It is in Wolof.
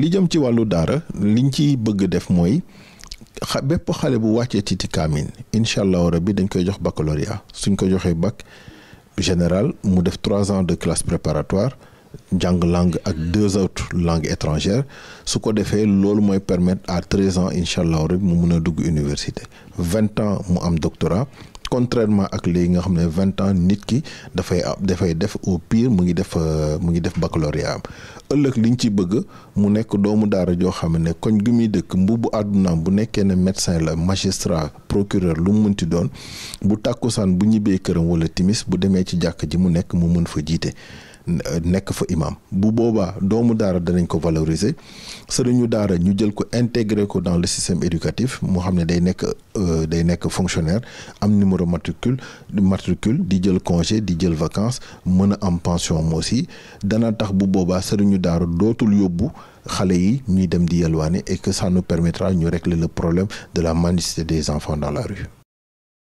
li jëm ci walu dara liñ ci bëgg def moy xa bépp xale bu wàccee ci kaamin incha rabbi dañ koy jox baccalauréat suñ ko joxee bac général mu def 3 ans de classe préparatoire jàng langue ak deux autres langues étrangères su ko defee loolu mooy permettre à 13 ans inshallah allahu rabbi mu mun a dugg université 20 ans mu am doctorat contrairement ak léegi nga xam ne vingt ans nit ki dafay dafay def au piir mu ngi def euh, mu ngi def baccalauréat am ëllëg liñ ci bëgg mu nekk doomu daara joo xam ne koñ gi muy dëkk mbubbu àddunaam bu nekkee ne médecin la magistrat procureur lu mu mënti doon bu tàkkusaan bu ñibbee këram wala timis bu demee ci jàkk ji mu nekk mu mën fa jiite nekk fa imam bu boobaa doomu daara danañ ko valoriser sëriñu daara ñu jël ko intégrer dans le système éducatif mu xam ne euh, fonctionnaire numéro matricule matricule di jël congé di jël vacances mën pension moo dana tax bu boobaa sëriñu daara dootul yóbbu xale et que ça nous permettra ñu régler le problème de la mendicité des enfants dans la rue